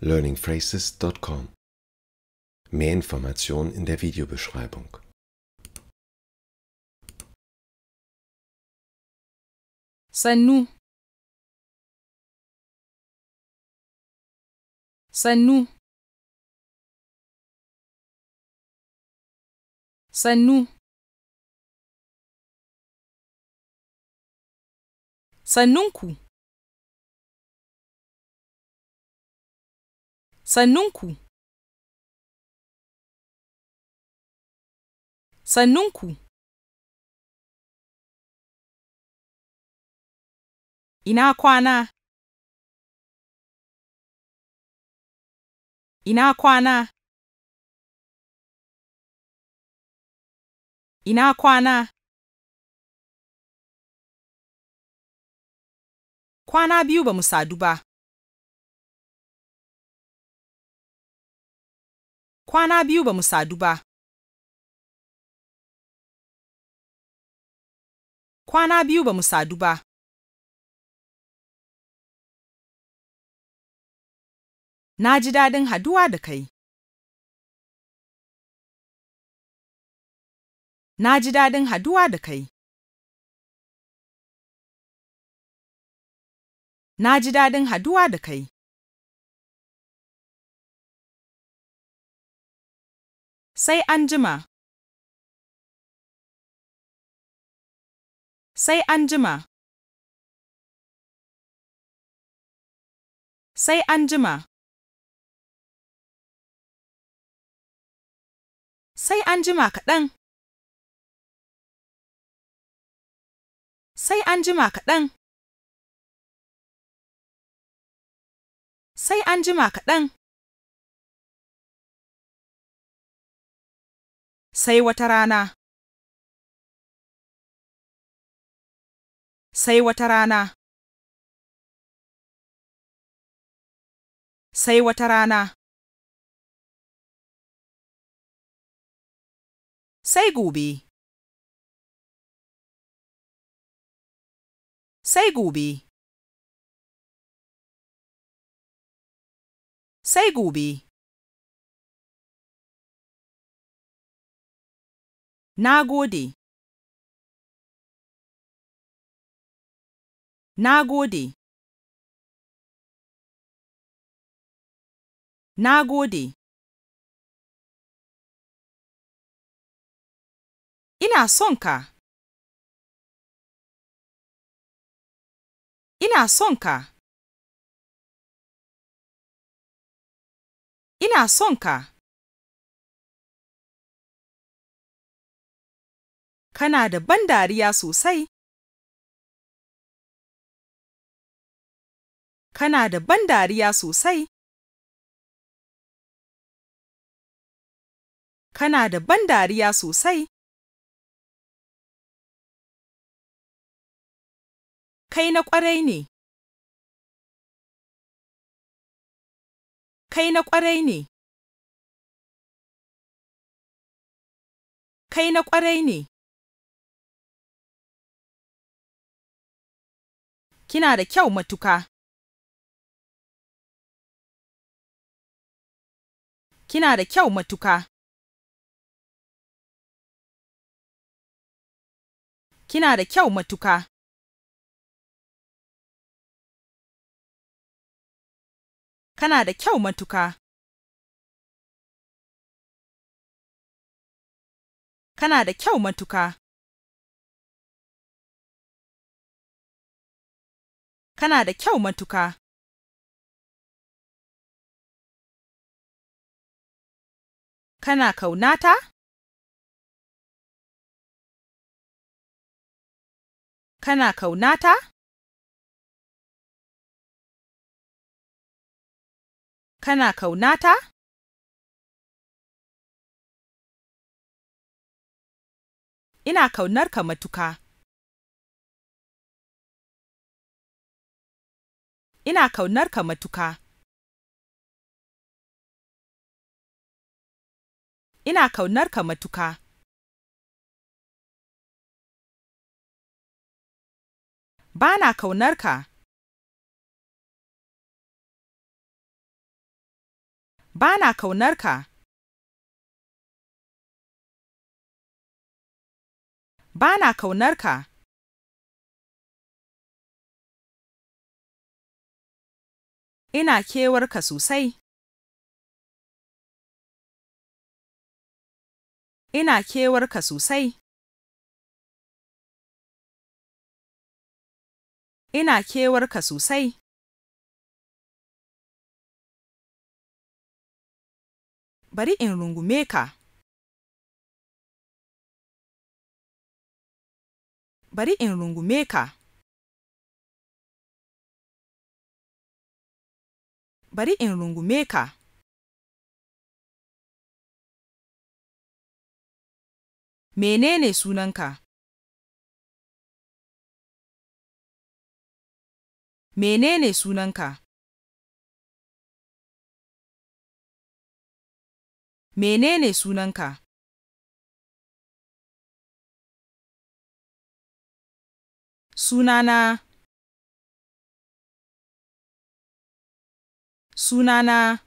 learningphrases.com. Mehr Informationen in der Videobeschreibung. Sein nu. Sein nu. Sein nu. Sei nuncu. Sannunku. Sannunku. Ina kwana. Ina kwana. Ina kwana. Kwana biyu ba mu sadu ba. kwana biyu ba mu sadu ba. Kwana biyu ba mu sadu ba. Na ji dadin haduwa da kai. Na ji dadin haduwa da kai. Na ji dadin haduwa da kai. Sai anjima. Sai anjima Sai anjima Sai anjima kaɗan. Sai anjima kaɗan. Sai anjima kaɗan. sai wata rana. Sai wata rana. Sai wata rana. Sai gobe. Sai gobe. Sai gobe. Na gode. Na gode. Na gode. Ina son ka. Ina son ka. Ina son ka. kana da ban dariya sosai kana da ban dariya sosai kana da ban dariya sosai kai na kwarai ne kai na kwarai ne kai na kwarai ne kina da kyau matuka. Kina da kyau matuka. Kina da kyau matuka. Kana da kyau matuka. Kana da kyau matuka. kana da kyau matuka. Kana kaunata? Kana kaunata? Kana kaunata? Ina kaunarka matuka. ina kaunar ka matuka. Ina kaunar ka matuka. Bana kaunar ka. Bana kaunar ka. Bana kaunar ka. ina kewarka sosai. Ina kewarka sosai. Ina kewarka sosai. Bari in rungume ka. Bari in rungume ka. bari in rungume ka. Menene sunanka? Menene sunanka? Menene sunanka? Sunana sunana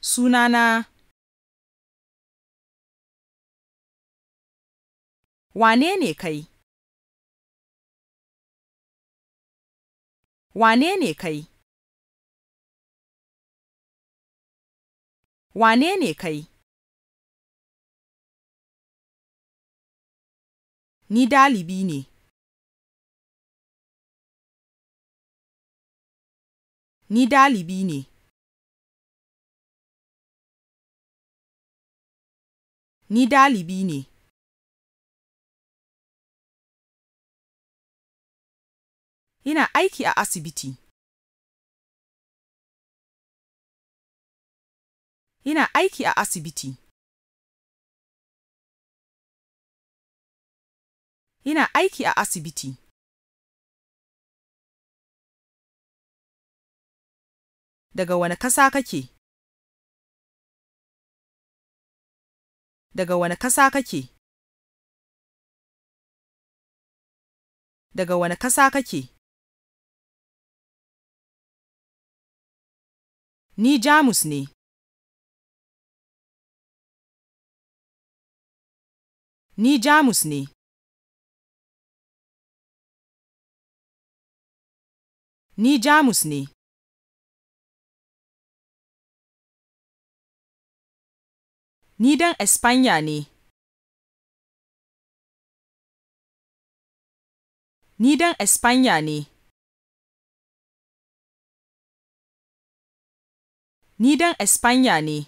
sunana wane ne kai wane ne kai wane ne kai ni dalibi ne Ni dalibi ne. Ni dalibi ne. Ina aiki a asibiti. Ina aiki a asibiti. Ina aiki a asibiti. Daga wani kasa kake? Daga wani kasa kake? Daga wani kasa kake? Ni Jamus ne. Ni Jamus ne. Ni Jamus ne. Ni dan Espanya ne. Ni dan Espanya ne. Ni dan Espanya ne.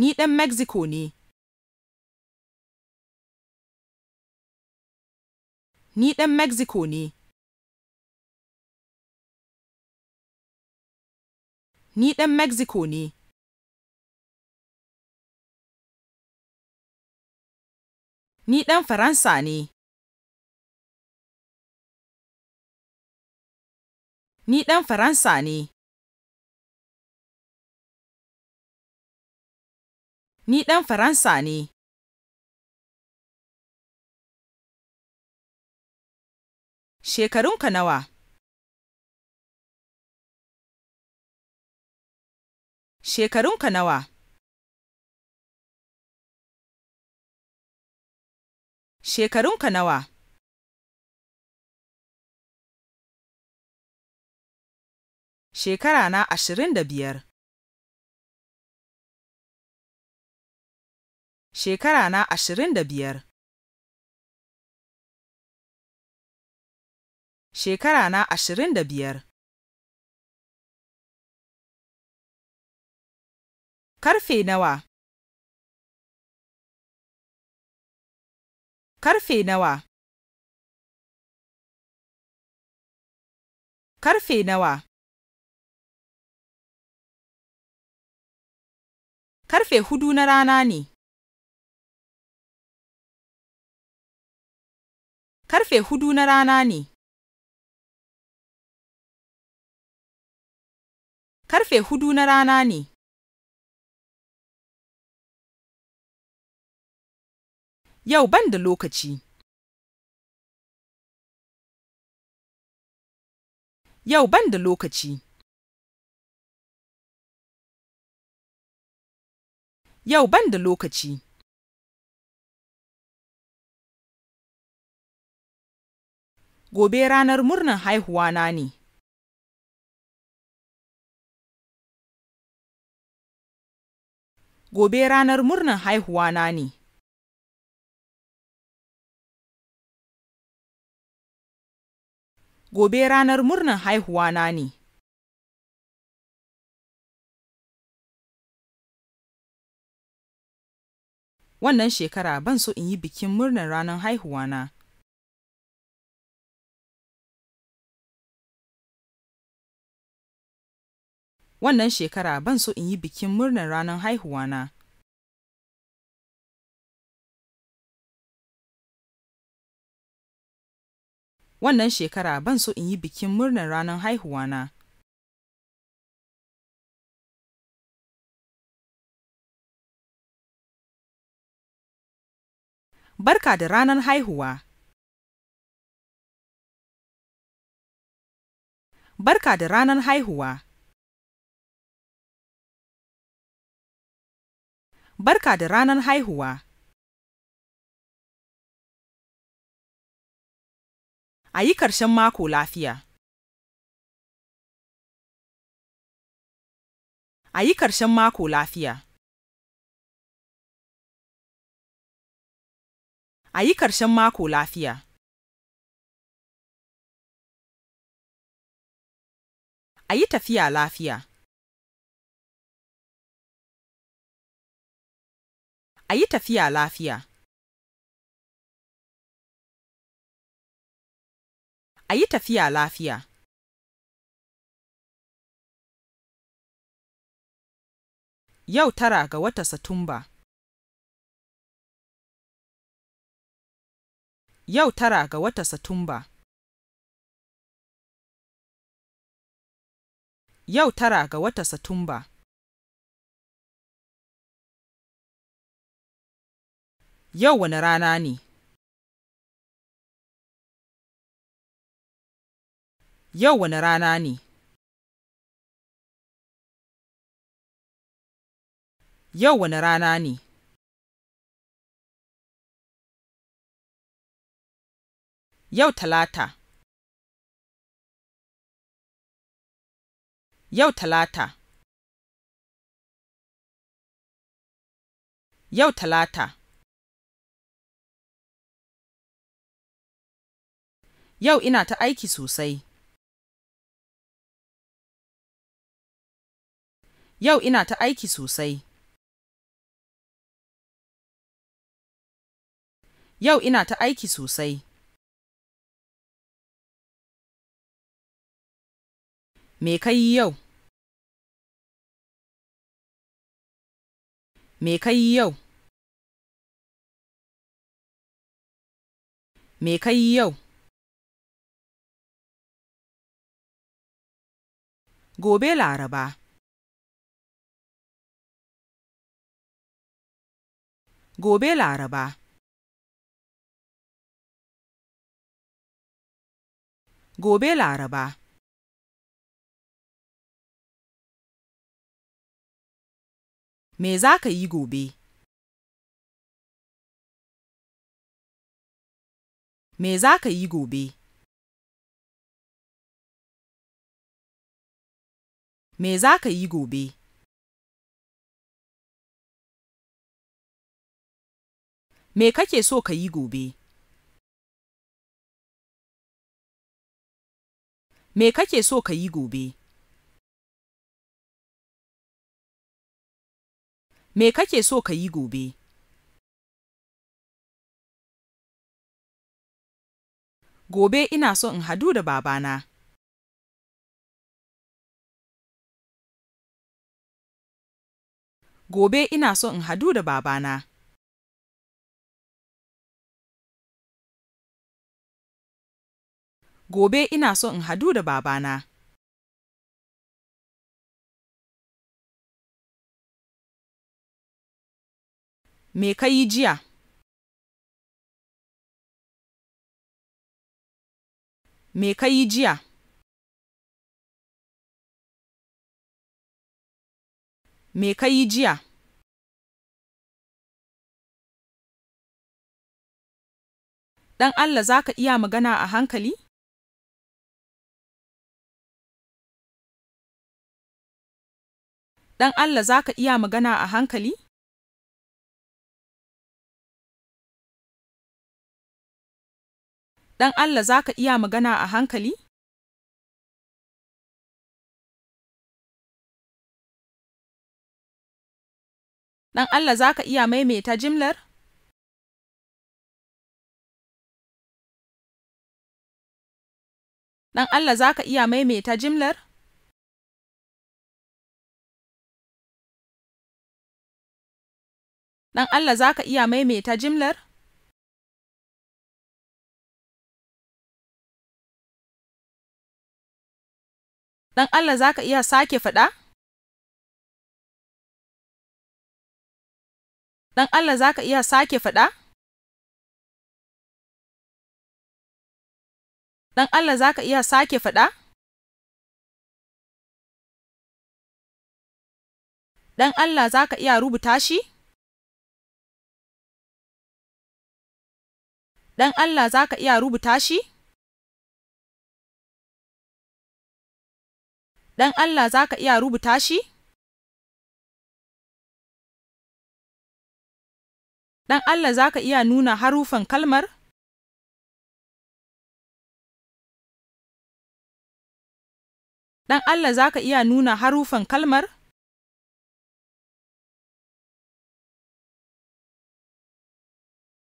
Ni dan Mexico ne. Ni dan Mexico ne. Ni ɗan Mexico ne. Ni ɗan Faransa ne. Ni ɗan Faransa ne. Ni ɗan Faransa ne. Shekarunka nawa? shekarunka nawa? Shekarunka nawa? Shekara na ashirin da biyar. Shekara na ashirin da biyar. Shekara na ashirin da biyar. Karfe nawa? Karfe nawa? Karfe nawa? Karfe hudu na rana ne. Karfe hudu na rana ne. Karfe hudu na rana ne. Yau ban da lokaci. Yau ban da lokaci. Yau ban da lokaci. Gobe ranar murnan haihuwa na ne. Gobe ranar murnan haihuwa na ne. gobe ranar murnar haihuwa na ne. Wannan shekara ban so in yi bikin murnar ranar haihuwana. Wannan shekara ban so in yi bikin murnar ranar haihuwa na. wannan shekara ban so in yi bikin murnar ranar na. Barka da ranar haihuwa. Barka da ranar haihuwa. Barka da ranar haihuwa. a yi ƙarshen mako lafiya. A yi ƙarshen mako lafiya. A yi ƙarshen mako lafiya. A yi tafiya lafiya. A yi tafiya lafiya. a yi tafiya lafiya. Yau tara ga wata Satumba. Yau tara ga wata Satumba. Yau tara ga wata Satumba. Yau wani rana ne? Yau wani rana ne? Yau wani rana ne? Yau talata. Yau talata. Yau talata. Yau ina ta aiki sosai. Yau ina ta aiki sosai. Yau ina ta aiki sosai. Me ka yi yau? Me ka yi yau? Me ka yi yau? Gobe Laraba. gobe Laraba. Gobe Laraba. Me za ka yi gobe? Me za ka yi gobe? Me za ka yi gobe? me kake so ka yi gobe me kake so ka yi gobe me kake so ka yi gobe gobe ina so in hadu da babana gobe ina so in hadu da babana gobe ina so in hadu da babana. Me ka yi jiya? Me ka yi jiya? Me ka yi jiya? Dan Allah za ka iya magana a hankali? Dan Allah za ka iya magana a hankali? Dan Allah za ka iya magana a hankali? Dan Allah za ka iya maimaita jimlar? Dan Allah za ka iya maimaita jimlar? Dan Allah za ka iya maimaita jimlar? Dan Allah za ka iya sake faɗa? Dan Allah za ka iya sake faɗa? Dan Allah za ka iya sake faɗa? Dan Allah za ka iya rubuta shi? Dan Allah za ka iya rubuta shi? Dan Allah za ka iya rubuta shi? Dan Allah za ka iya nuna harufan kalmar? Dan Allah za ka iya nuna harufan kalmar?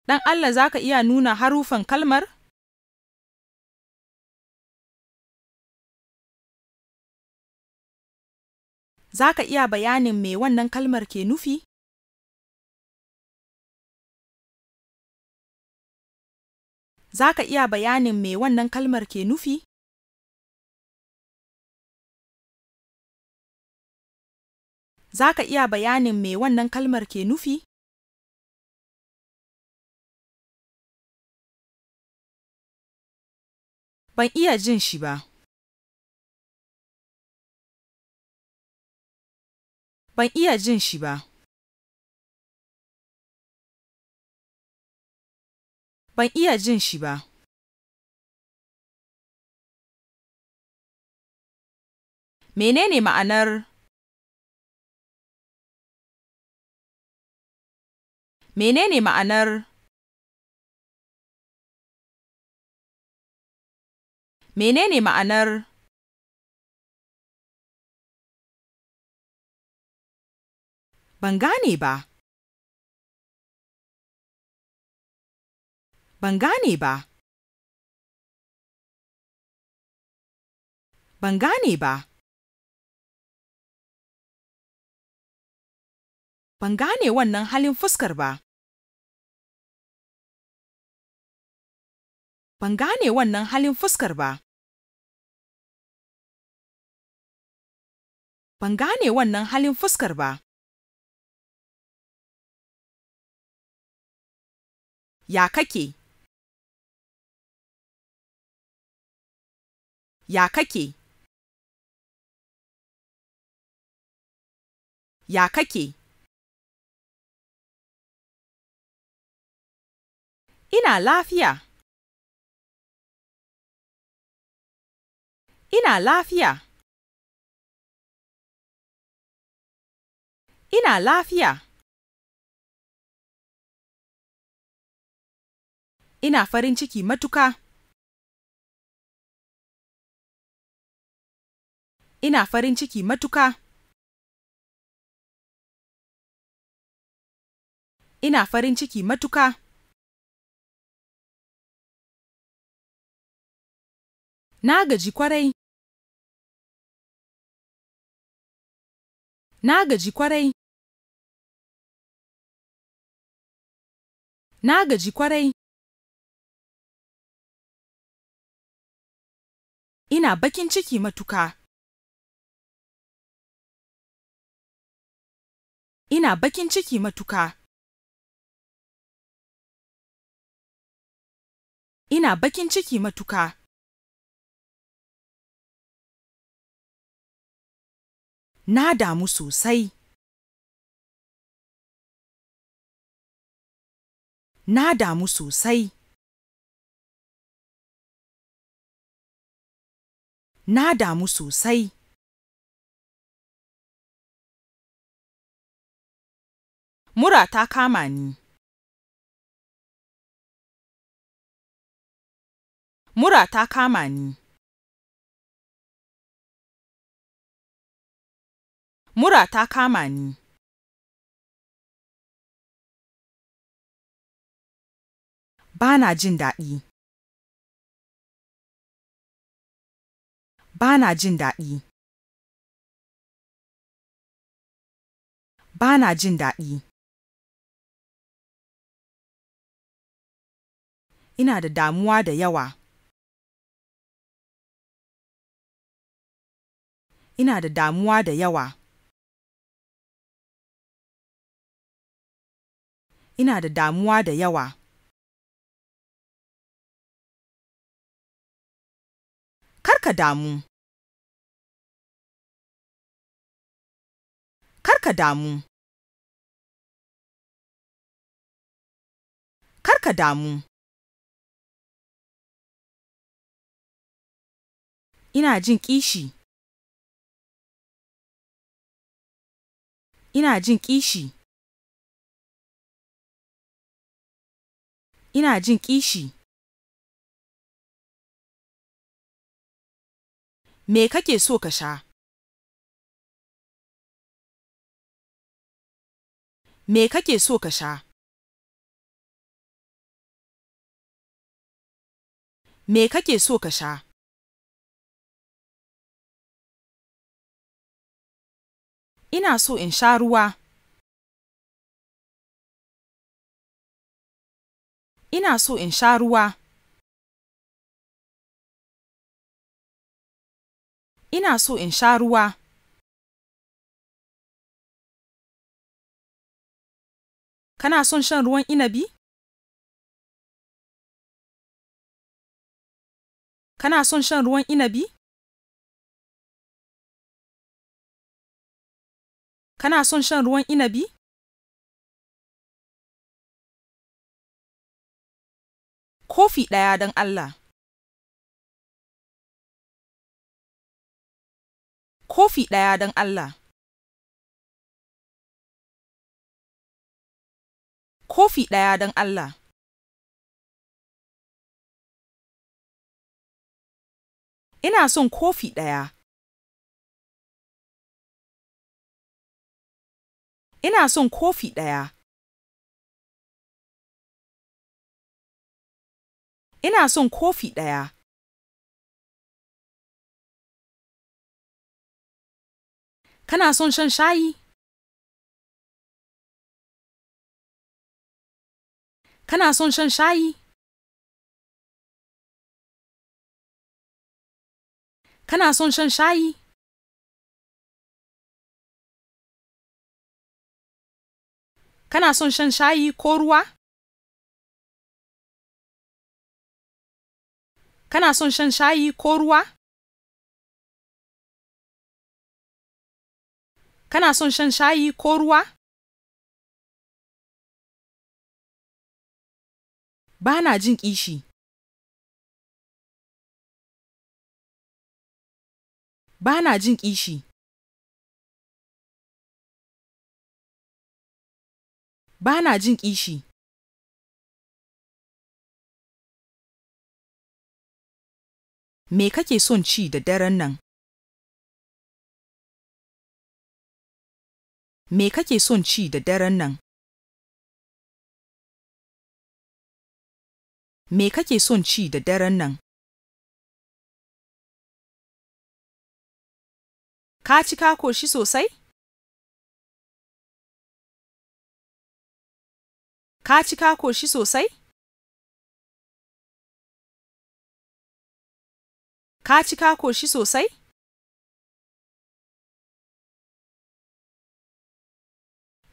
Dan Allah za ka iya nuna harufan kalmar? Za ka iya bayanin me wannan kalmar ke nufi? Za ka iya bayanin me wannan kalmar ke nufi? Za ka iya bayanin me wannan kalmar ke nufi? Ban iya jin shi ba. Ban iya jin shi ba. Ban iya jin shi ba. Menene ma'anar Menene ma'anar Menene ma'anar Ban gane ba. Ban gane ba. Ban gane ba. Ban gane wannan halin fuskar ba. Ban gane wannan halin fuskar ba. Ban gane wannan halin fuskar ba. Ya kake? Ya kake? Ya kake? Ina lafiya. Ina lafiya. Ina lafiya. Ina farin ciki matuka. Ina farin ciki matuka. Ina farin ciki matuka. Na gaji kwarai. Na gaji kwarai. Na gaji kwarai. Ina bakin ciki matuka. Ina bakin ciki matuka. Ina bakin ciki matuka. na damu sosai. Na damu sosai. Na damu sosai. Mura ta kama ni. Mura ta kama ni. mura ta kama ni. Ba na jin daɗi. bana jin daɗi. Ba na jin daɗi. Ina da damuwa da yawa. Ina da damuwa da yawa. ina da damuwa da yawa. Karka damu. Karka damu. Karka damu. Ina jin kishi. Ina jin kishi. ina jin kishi me kake so ka sha me kake so ka sha me kake so ka sha ina so in sha ruwa ina so in sha ruwa. Ina so in sha ruwa. Kana son shan ruwan inabi? Kana son shan ruwan inabi? Kana son shan ruwan inabi? kofi ɗaya don Allah. Kofi ɗaya don Allah. Kofi ɗaya don Allah. Ina son kofi ɗaya. Ina son kofi ɗaya. Ina son kofi ɗaya. Kana son shan shayi? Kana son shan shayi? Kana son shan shayi? Kana son shan shayi ko ruwa? Kana son shan shayi ko ruwa? Kana son shan shayi ko ruwa? Ba na jin ƙishi. Ba na jin kishi. Ba na jin ƙishi. me kake son ci da daren nan? Me kake son ci da daren nan? Me kake son ci da daren nan? Ka ci ka shi sosai? Ka ci ka koshi sosai? Ka ci ka koshi sosai?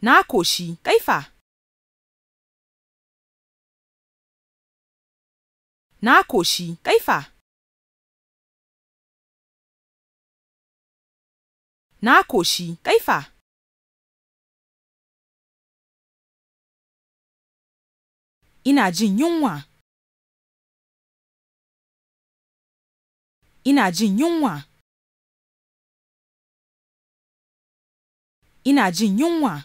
Na koshi, kaifa. Na koshi, kaifa. Na koshi, kaifa. Ina jin yunwa. ina jin yunwa ina jin yunwa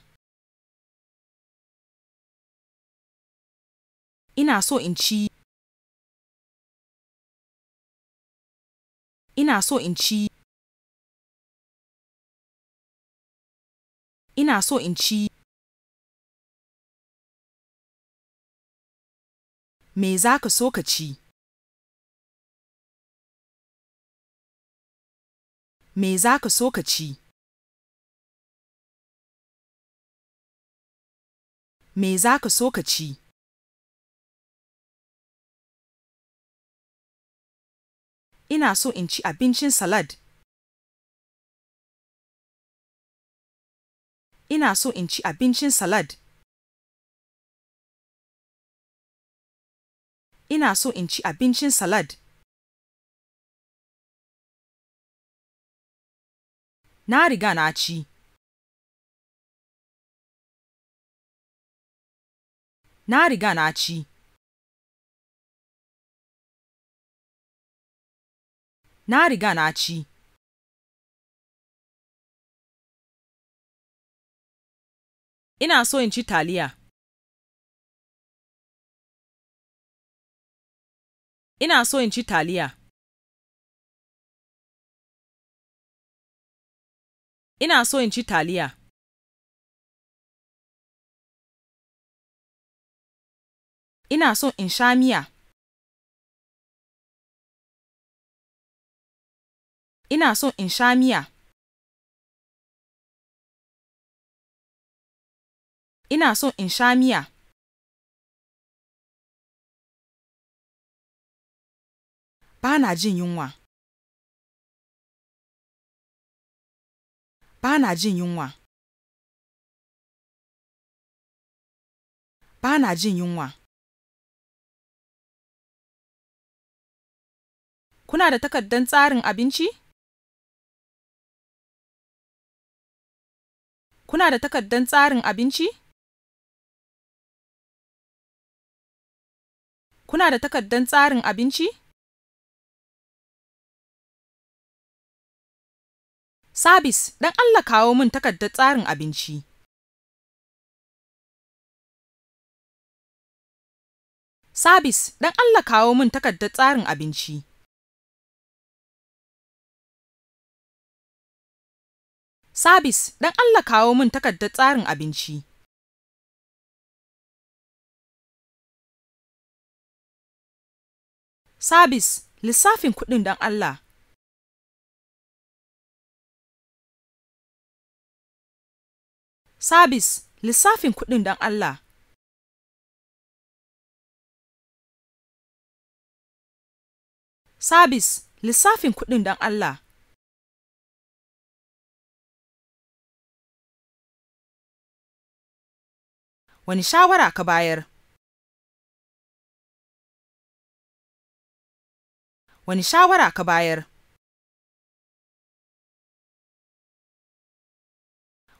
ina so in ci ina so in ci ina so in ci me za ka so ka ci Me za ka so ka ci? Me za ka so ka ci? Ina so in ci abincin salad. Ina so in ci abincin salad. Ina so in ci abincin salad. na riga na ci na riga na ci na riga na ci ina so in ci taliya ina so in ci taliya ina so in ci taliya ina so in sha miya ina so in sha miya ina so in sha miya ba na jin yunwa ba na jin yunwa ba na jin yunwa kuna da takardar tsarin abinci kuna da takardar tsarin abinci kuna da takardar tsarin abinci Sabis, dan Allah kawo min takardar tsarin abinci. Sabis, dan Allah kawo min takardar tsarin abinci. Sabis, dan Allah kawo min takardar tsarin abinci. Sabis, lissafin kuɗin dan Allah. sabis lissafin kuɗin don Allah. Sabis lissafin kuɗin don Allah. Wani shawara ka bayar? Wani shawara ka bayar?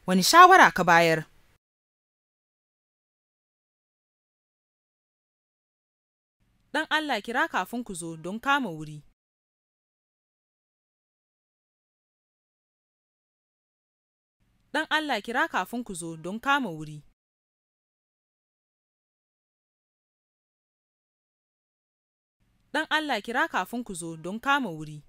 wani shawara ka bayar dan Allah kira kafin ku zo don kama wuri dan Allah kira kafin ku zo don kama wuri dan Allah kira kafin ku zo don kama wuri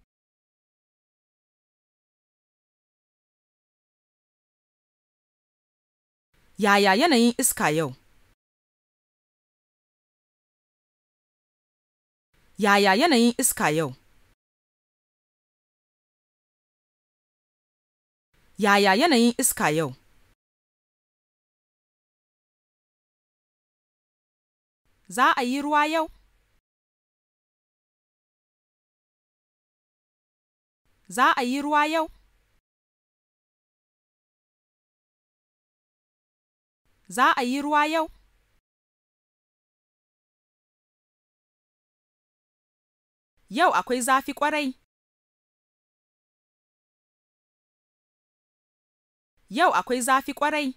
Yaya yanayin iska yau? Yaya yanayin iska yau? Yaya yanayin iska yau? Za a yi ruwa yau? Za a yi ruwa yau? Za a yi ruwa yau? Yau akwai zafi kwarai. Yau akwai zafi kwarai.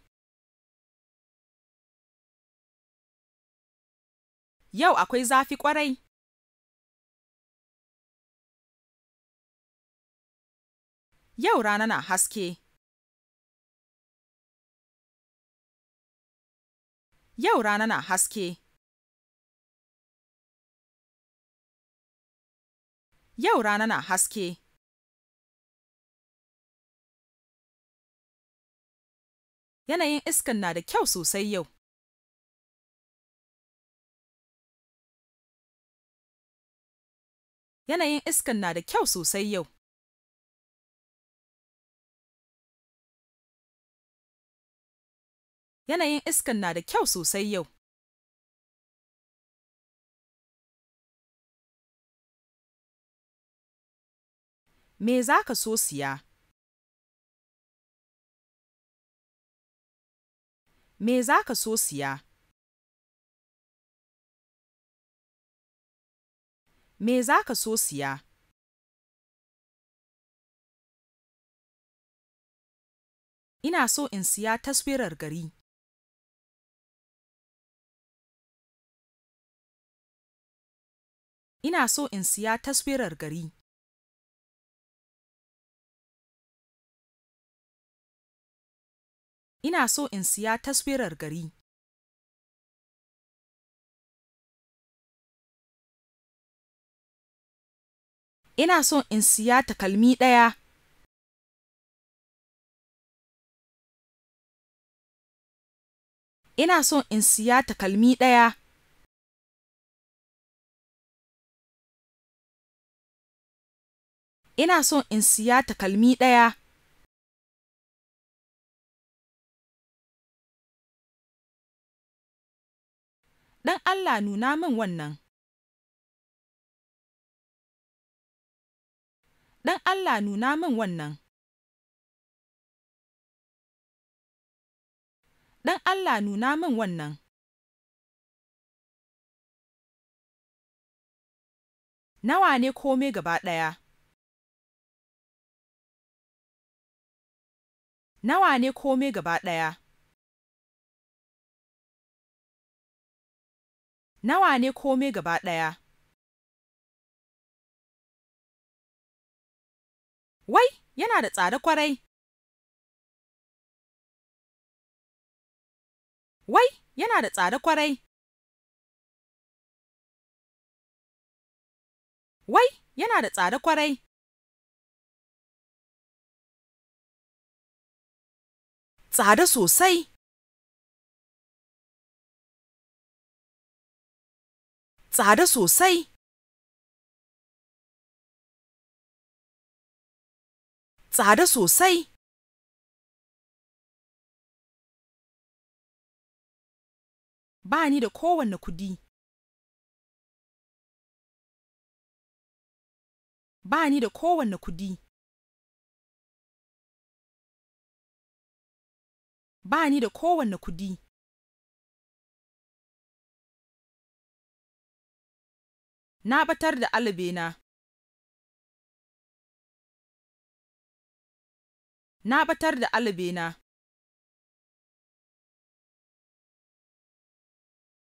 Yau akwai zafi kwarai. Yau rana na haske. Yau rana na haske. Yau rana na haske. Yanayin iskan na da kyau sosai yau. Yanayin iskan na da kyau sosai yau. Yanayin iskan na da kyau sosai yau. Me za ka so siya? Me za ka so siya? Me za ka so siya? Ina so in siya taswirar gari. Ina so in siya taswirar gari. Ina so in siya taswirar gari. Ina so in siya takalmi ɗaya. Ina so in siya takalmi ɗaya. ina so in siya takalmi ɗaya. Ɗan Allah nuna min wannan. Ɗan Allah nuna min wannan. Ɗan Allah nuna min wannan. Nawa ne kome gaba ɗaya? nawa ne kome gaba ɗaya nawa ne kome gaba ɗaya wai yana da tsada kwarai wai yana da tsada kwarai wai yana da tsada kwarai tsada sosai. Tsada sosai. Tsada sosai. Ba ni da kowanne kudi. Ba ni da kowanne kudi. ba ni da kowanne kudi. Na batar da alabena. Na batar da alabena.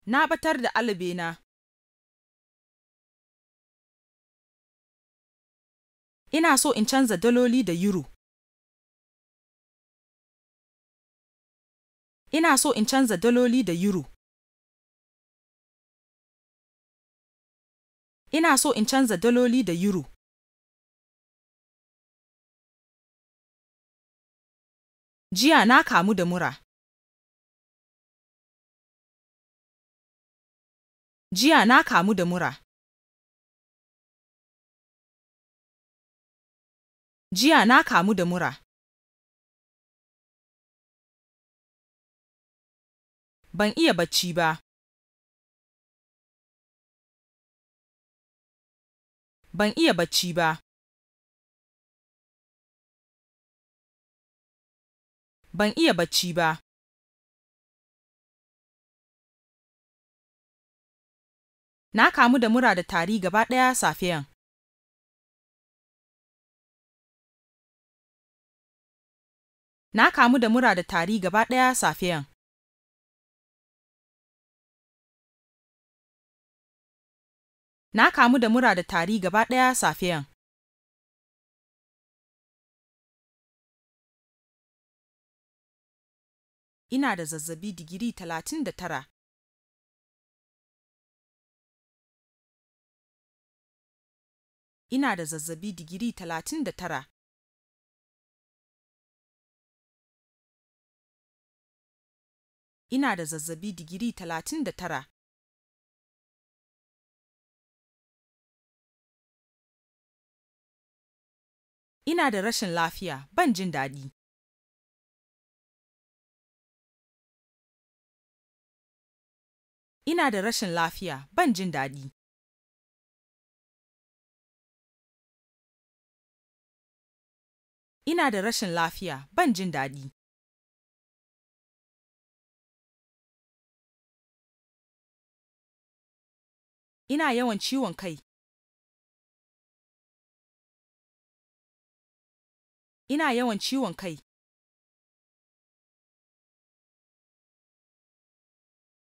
Na batar da alabena. Ina so in canza daloli da yuru. Ina so in canza daloli da euro. Ina so in canza daloli da euro. Jiya na kamu da mura. Jiya na kamu da mura. Jiya na kamu da mura. ban iya bacci ba ban iya bacci ba ban iya bacci ba na kamu da mura da tari gaba ɗaya safeyen na kamu da mura da tari gaba ɗaya safeyan Na kamu da mura da tari gaba ɗaya safiyan. Ina da zazzabi digiri talatin da tara. Ina da zazzabi digiri talatin da tara. Ina da zazzabi digiri talatin da tara. Ina da rashin lafiya, ban jin daɗi. Ina da rashin lafiya, ban jin daɗi. Ina da rashin lafiya, ban jin daɗi. Ina yawan ciwon kai. ina yawan ciwon kai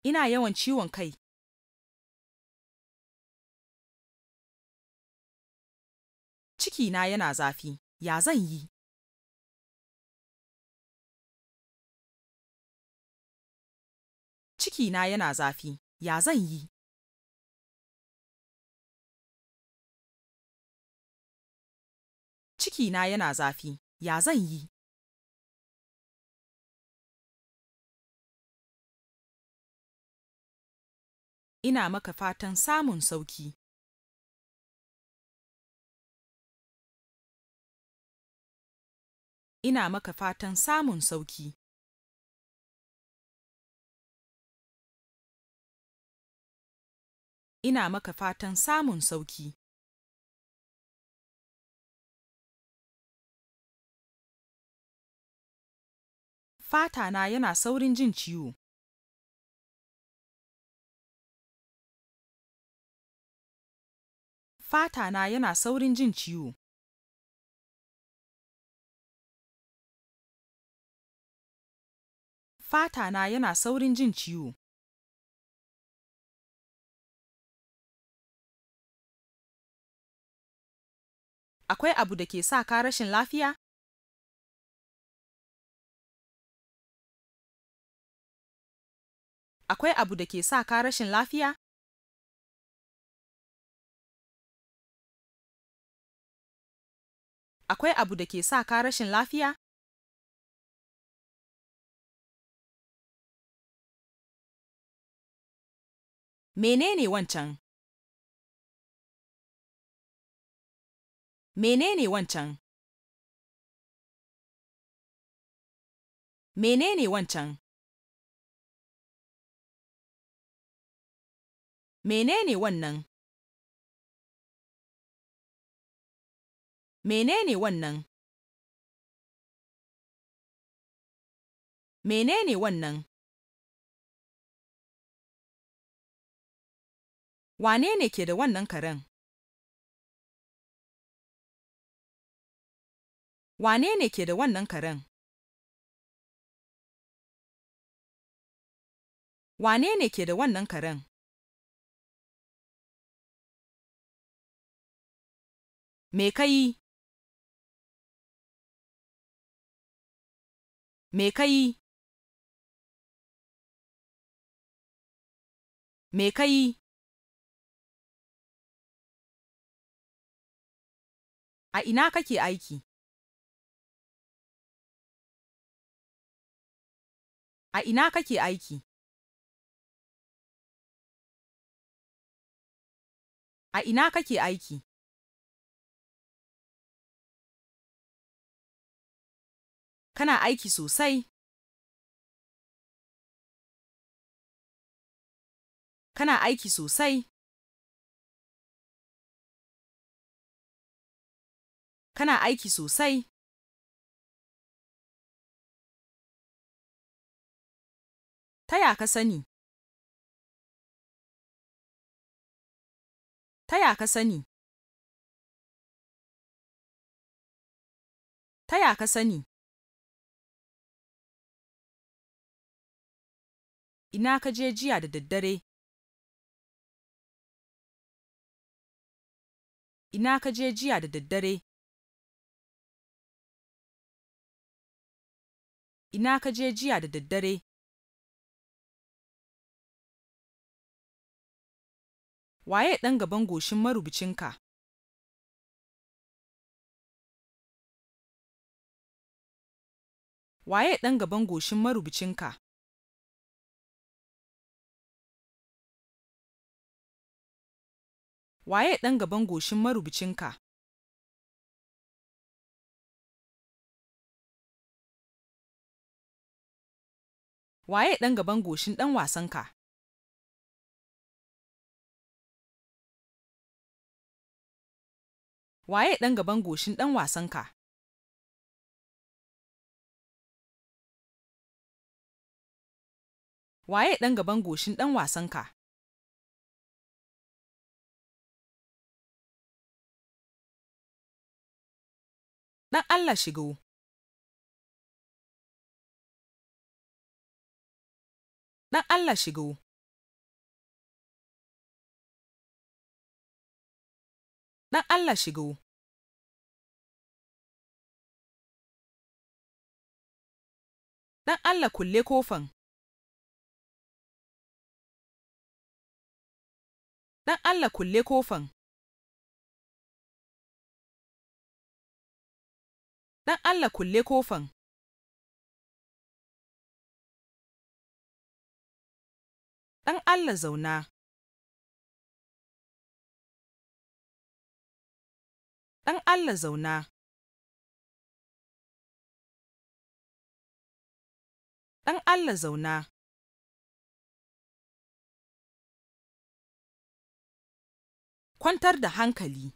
ina yawan ciwon kai cikina yana zafi ya zan yi cikina yana zafi ya zan yi cikina yana zafi ya zan yi? Ina maka fatan samun sauki. Ina maka fatan samun sauki. Ina maka fatan samun sauki. fata na yana saurin jin ciwo. Fata na yana saurin jin ciwo. Fata na yana saurin jin ciwo. Akwai abu da ke sa ka rashin lafiya? akwai abu da ke sa ka rashin lafiya? Akwai abu da ke sa ka rashin lafiya? Menene wancan? Menene wancan? Menene wancan? Menene wannan? Menene wannan? Menene wannan? Wane ne ke da wannan karen? Wane ne ke da wannan karen? Wane ne ke da wannan karen? Me ka yi? Me ka yi? Me ka yi? A ina kake aiki? A ina kake aiki? A ina kake aiki? Kana aiki sosai. Kana aiki sosai. Kana aiki sosai. taya ka sani? taya ka sani? taya ka sani? Ina ka je jiya da daddare? Ina ka je jiya da daddare? Ina ka je jiya da daddare? Waye ɗan gaban goshin marubucinka? Waye ɗan gaban goshin marubucinka? waye ɗan gaban goshin marubucinka? Waye ɗan gaban goshin ɗan wasanka? Waye ɗan gaban goshin ɗan wasanka? Waye ɗan gaban goshin ɗan wasanka? Ɗan Allah shigo. Ɗan Allah shigo. Ɗan Allah shigo. Ɗan Allah kulle kofan. Ɗan Allah kulle kofan. Dan Allah kulle kofan. Dan Allah zauna. Dan Allah zauna. Dan Allah zauna. Kwantar da hankali.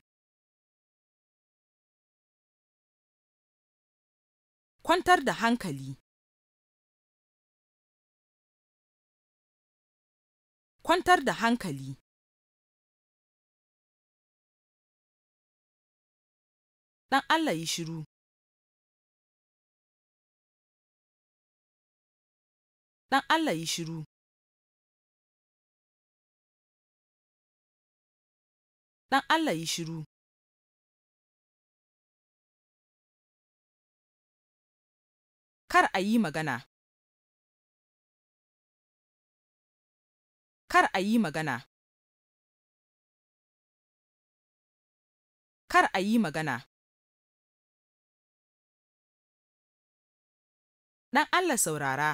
kwantar da hankali kwantar da hankali dan Allah yi shiru dan Allah yi shiru dan Allah yi shiru kar a yi magana kar a yi magana kar a yi magana dan Allah saurara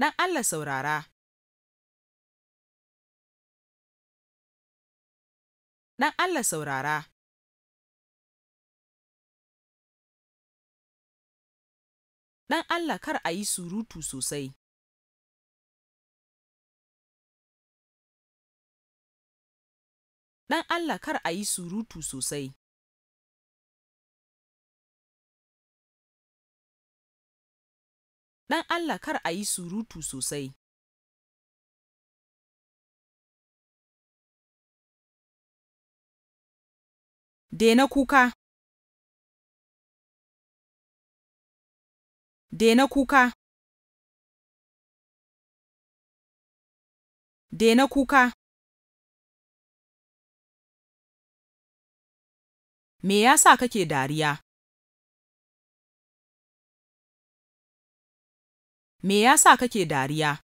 dan Allah saurara dan Allah saurara ɗan Allah kar a yi surutu sosai. ɗan Allah kar a yi surutu sosai. ɗan Allah kar a yi surutu sosai. Dena kuka. Dena kuka. Dena kuka. Me yasa kake dariya? Me yasa kake dariya?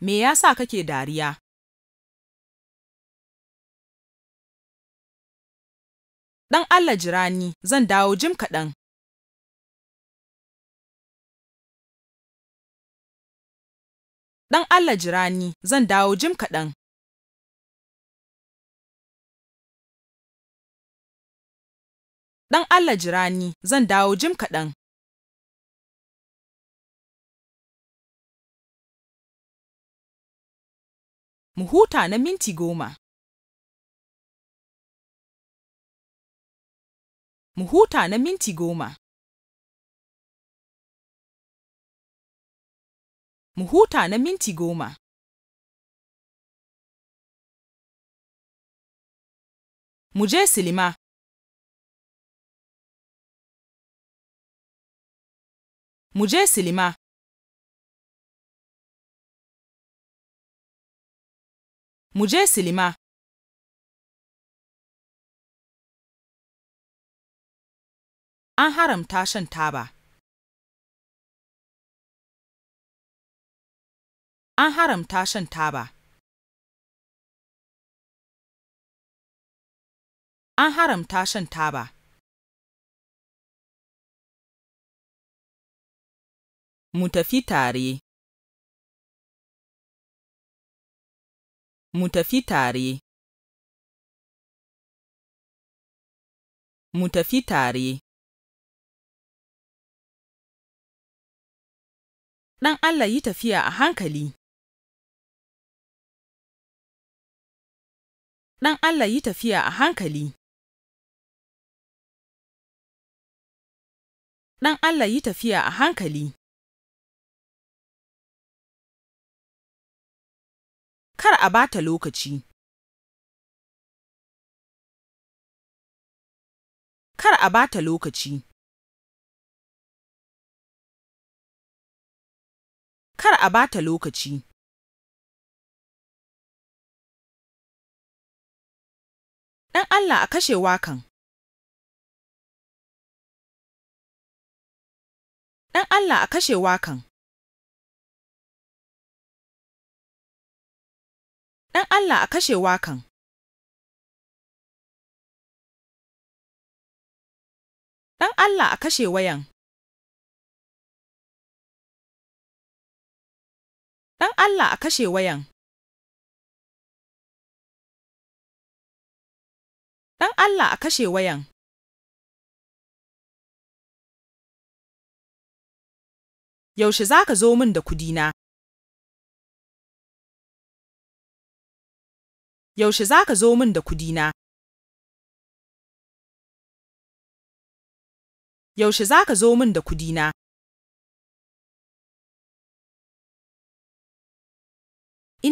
Me yasa kake dariya? Dan Allah jira ni, zan dawo jim kaɗan. Dan Allah jira ni, zan dawo jim kaɗan. Dan Allah jira ni, zan dawo jim kaɗan. Mu huta na minti goma. mu huta na minti goma. Mu huta na minti goma. Mu je silima. Mu je silima. Mu je silima. an haramta shan taba. An haramta shan taba. An haramta shan taba. Mu tafi tare. Mu tafi tare. Mu tafi tare. dan Allah yi tafiya a hankali. Dan Allah yi tafiya a hankali. Dan Allah yi tafiya a hankali. Kar a bata lokaci. Kar a bata lokaci. kar a bata lokaci. Ɗan Allah a kashe wakan. Ɗan Allah a kashe wakan. Ɗan Allah a kashe wakan. Ɗan Allah a kashe wayan. Dan Allah a kashe wayan. dan Allah a kashe wayan. Yaushe za ka zo min da kudina? Yaushe za ka zo min da kudina? Yaushe za ka zo min da kudi na?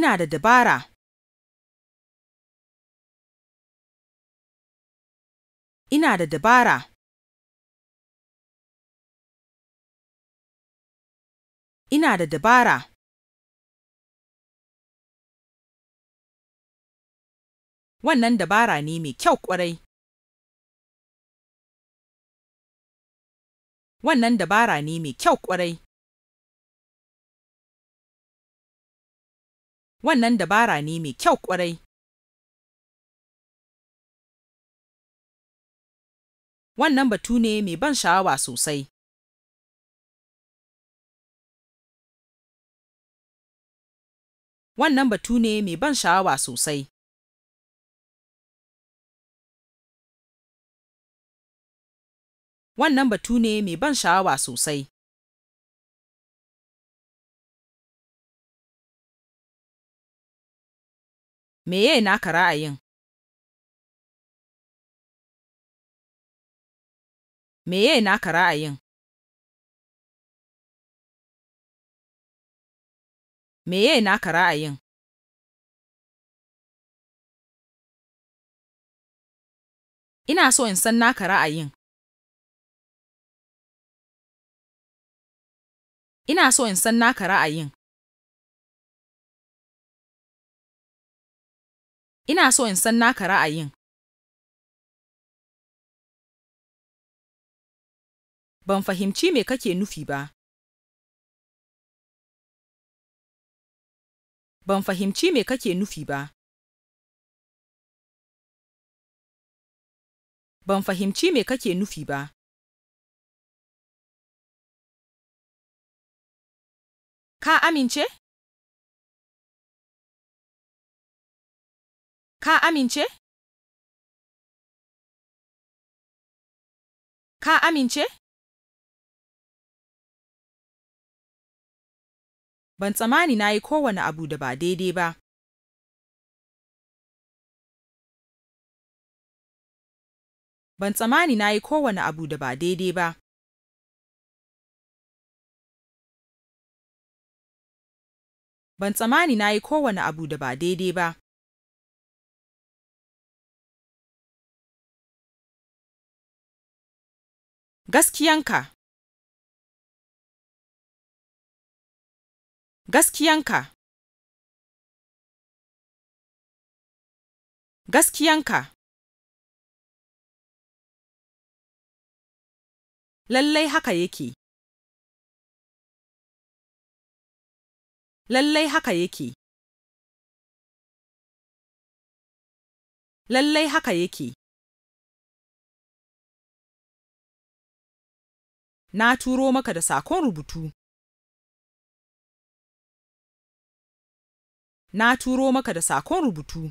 ina da dabara. Ina da dabara. Ina da dabara. Wannan dabara ne mai kyau ƙwarai. Wannan dabara ne mai kyau ƙwarai. Wannan dabara ne mai kyau kwarai. Wannan batu ne mai ban sha'awa sosai. Wannan batu ne mai ban sha'awa sosai. Wannan batu ne mai ban sha'awa sosai. meye naka ra'ayin? Meye naka ra'ayin? Meye naka ra'ayin? Ina so in san naka ra'ayin. Ina so in san naka ra'ayin. Ina so in san naka ra'ayin. Ban fahimci me kake nufi ba. Ban fahimci me kake nufi ba. Ban fahimci me kake nufi ba. Ka amince? Ka amince? Ka amince? Ban tsamani na yi kowane abu da ba daidai ba. Ban tsamani na yi kowane abu da ba daidai ba. Ban tsamani na yi kowane abu da ba daidai ba. Gaskiyanka Gaskiyanka Gaskiyanka Lallai haka yake Lallai haka yake Lallai haka yake na turo maka da sakon rubutu na turo maka da sakon rubutu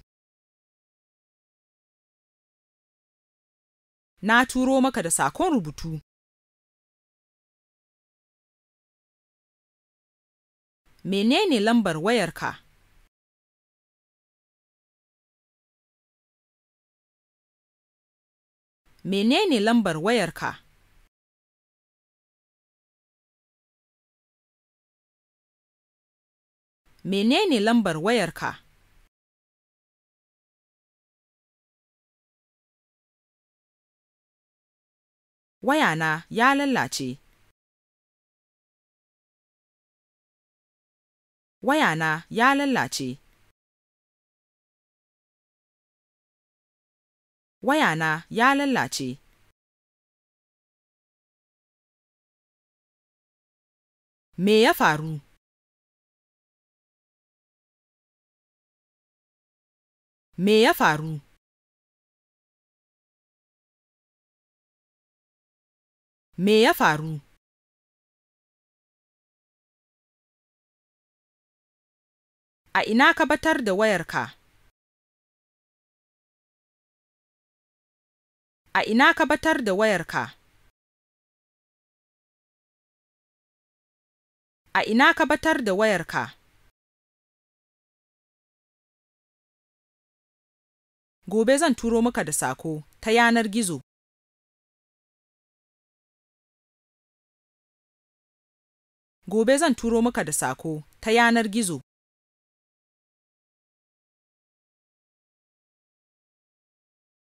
na turo maka da sakon rubutu menene lambar wayarka menene lambar wayarka menene lambar wayarka wayana ya lallace wayana ya lallace wayana ya lallace me ya faru Me ya faru? Me ya faru? A ina ka batar da wayarka? A ina ka batar da wayarka? A ina ka batar da wayarka? gobe zan turo muka da sako ta yanar gizo gobe zan turo muka da sako ta yanar gizo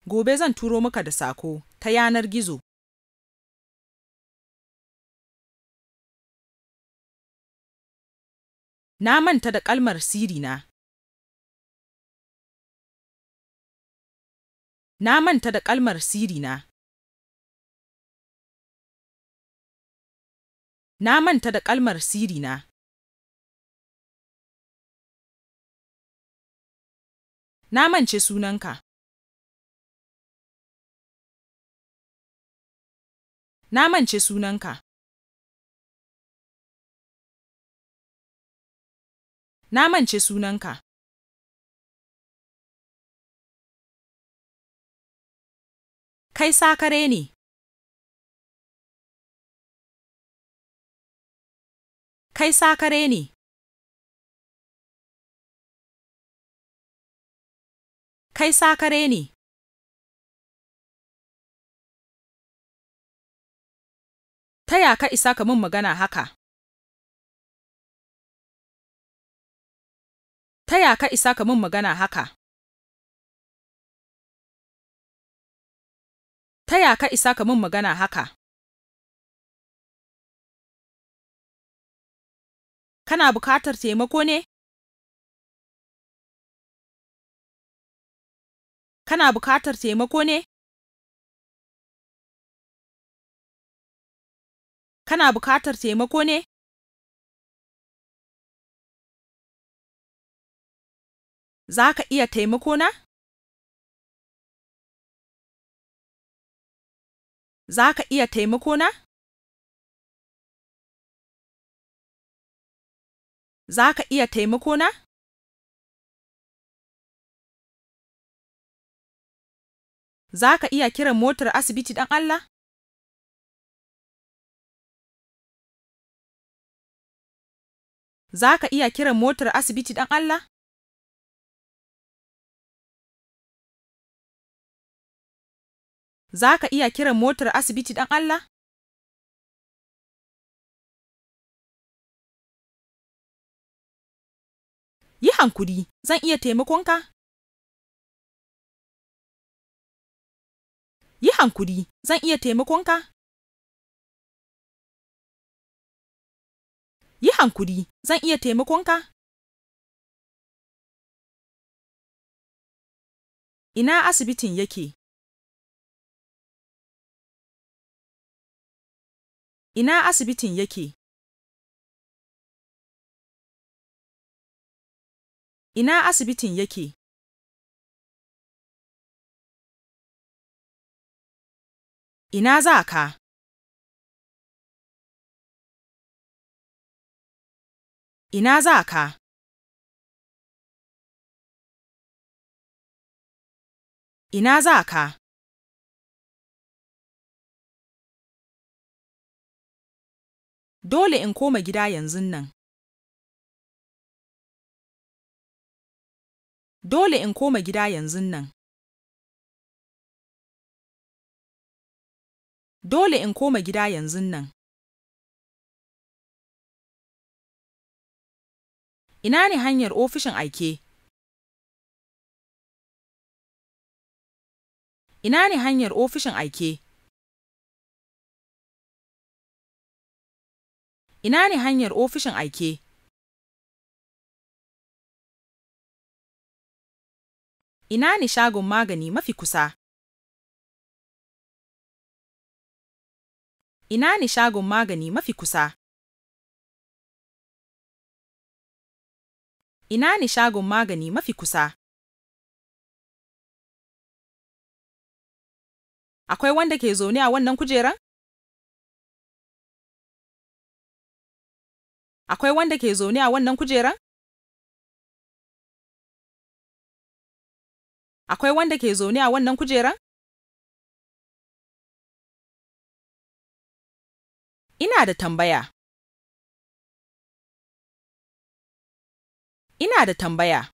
gobe zan turo muka da sako ta yanar gizo na manta da kalmar sirina Na manta da kalmar sirri na. Na manta da kalmar sirri na. Na mance sunanka. Na mance sunanka. Na mance sunanka. kai sakare ne. Kai sakare ne. Kai sakare ne. ta ya ka isa ka min magana haka? Ta ya ka isa ka min magana haka? ta ya ka isa ka min magana haka? Kana bukatar taimako ne? Kana bukatar taimako ne? Kana bukatar taimako ne? Za ka iya taimako na? za ka iya taimako na? Za ka iya taimako na? Za ka iya kiran motar asibiti don Allah? Za ka iya kiran motar asibiti don Allah? za ka iya kiran motar asibiti dan Allah? Yi hankuri, zan iya taimakonka? Yi hankuri, zan iya taimakonka? Yi hankuri, zan iya taimakonka? Ina asibitin yake? Ina asibitin yake? Ina asibitin yake? Ina za ka? Ina za ka? Ina za ka? Dole in koma gida yanzu nan. Dole in koma gida yanzu nan. Dole in koma gida yanzu nan. Ina ne hanyar ofishin aike? Ina ne hanyar ofishin aike? Ina ne hanyar ofishin aike. Ina ne shagon magani mafi kusa? Ina ne shagon magani mafi kusa? Ina ne shagon magani mafi kusa? Akwai wanda ke zaune a wannan kujeran? Akwai wanda ke zaune a wannan kujeran? Akwai wanda ke zaune a wannan kujeran? Ina da tambaya. Ina da tambaya.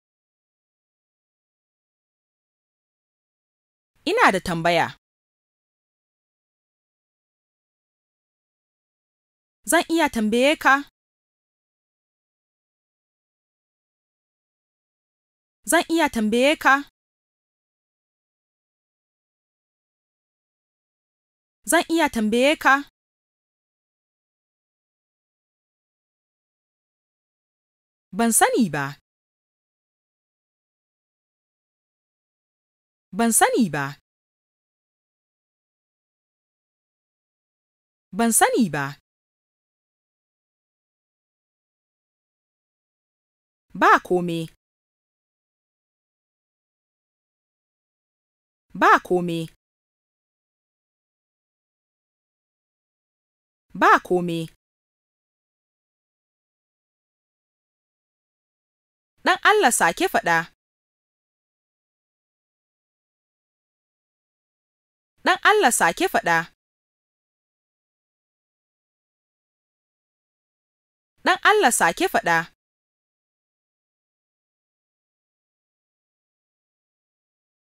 Ina da tambaya. Zan iya tambaye ka? Zan iya tambaye ka? Zan iya tambaye ka? Ban sani ba. Ban sani ba. Ban sani ba. Ba kome. Ba kome. Ba kome. Dan Allah sake faɗa. Dan Allah sake faɗa. Dan Allah sake faɗa.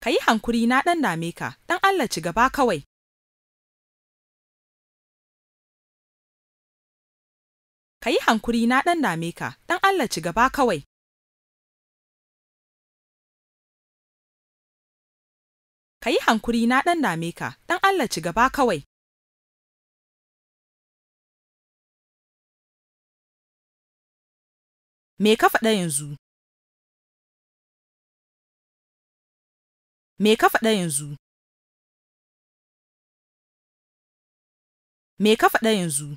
ka yi hankuri na ɗan dame ka, ɗan Allah ci gaba kawai. Ka yi hankuri na ɗan dame ka, ɗan Allah ci gaba kawai. Ka yi hankuri na ɗan dame ka, ɗan Allah ci gaba kawai. Me ka faɗa yanzu? Me ka faɗa yanzu? Me ka faɗa yanzu?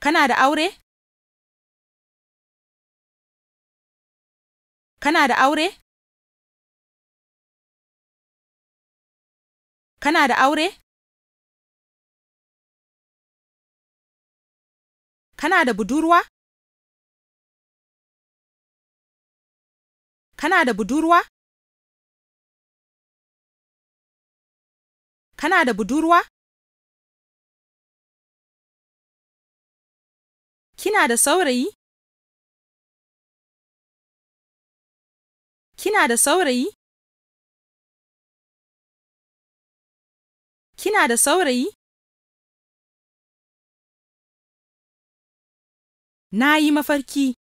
Kana da aure? Kana da aure? Kana da aure? Kana da budurwa? Kana da budurwa? Kana da budurwa? Kina da saurayi? Kina da saurayi? Kina da saurayi? Na yi mafarki.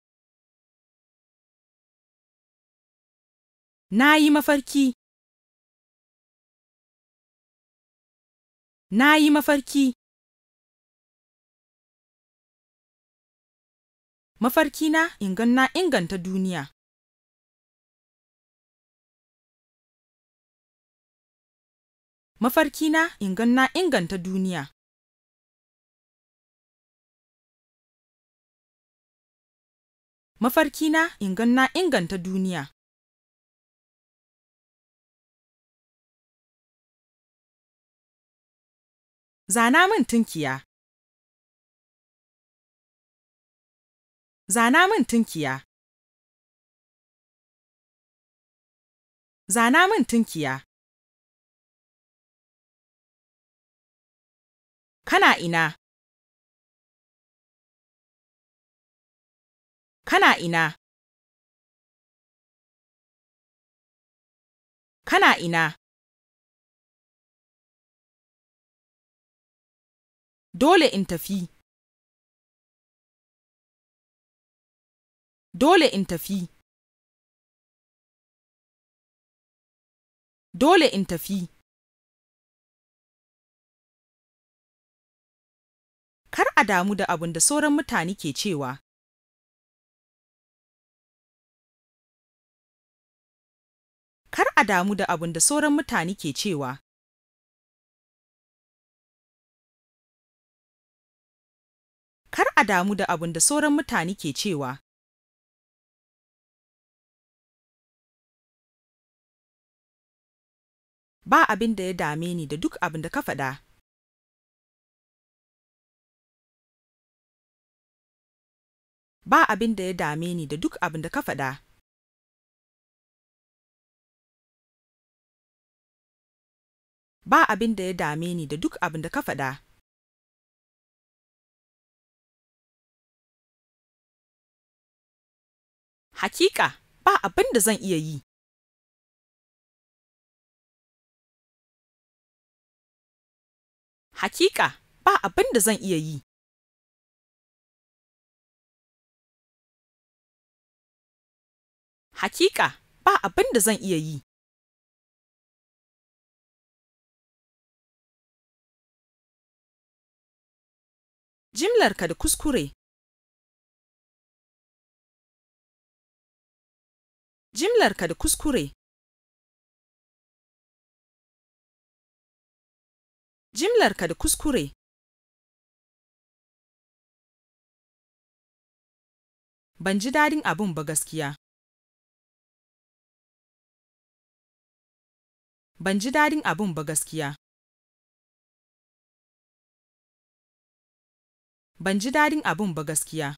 Na yi mafarki. Na yi mafarki. Mafarkina ingan na inganta duniya. Mafarkina ingan na inganta duniya. Mafarkina ingan na inganta duniya. Zana min tunkiya. Zana min tunkiya. Zana min tunkiya. Kana ina? Kana ina? Kana ina? Dole in tafi. Dole in tafi. Dole in tafi. Kar a damu da abin da sauran mutane ke cewa. Kar a damu da abin da sauran mutane ke cewa. kar a damu da abin da sauran mutane ke cewa. Ba abin da ya dame ni da duk abin da ka faɗa. Ba abin da ya dame ni da duk abin da ka faɗa. Ba abin da ya dame ni da duk abin da ka faɗa. Hakika, ba abin da zan iya yi. Hakika, ba abin da zan iya yi. Hakika, ba abin da zan iya yi. ka da kuskure jimlarka da kuskure jimlarka da kuskure ban ji dadin abin ba gaskiya ban ji dadin abin ba gaskiya ban ji daɗin abin ba gaskiya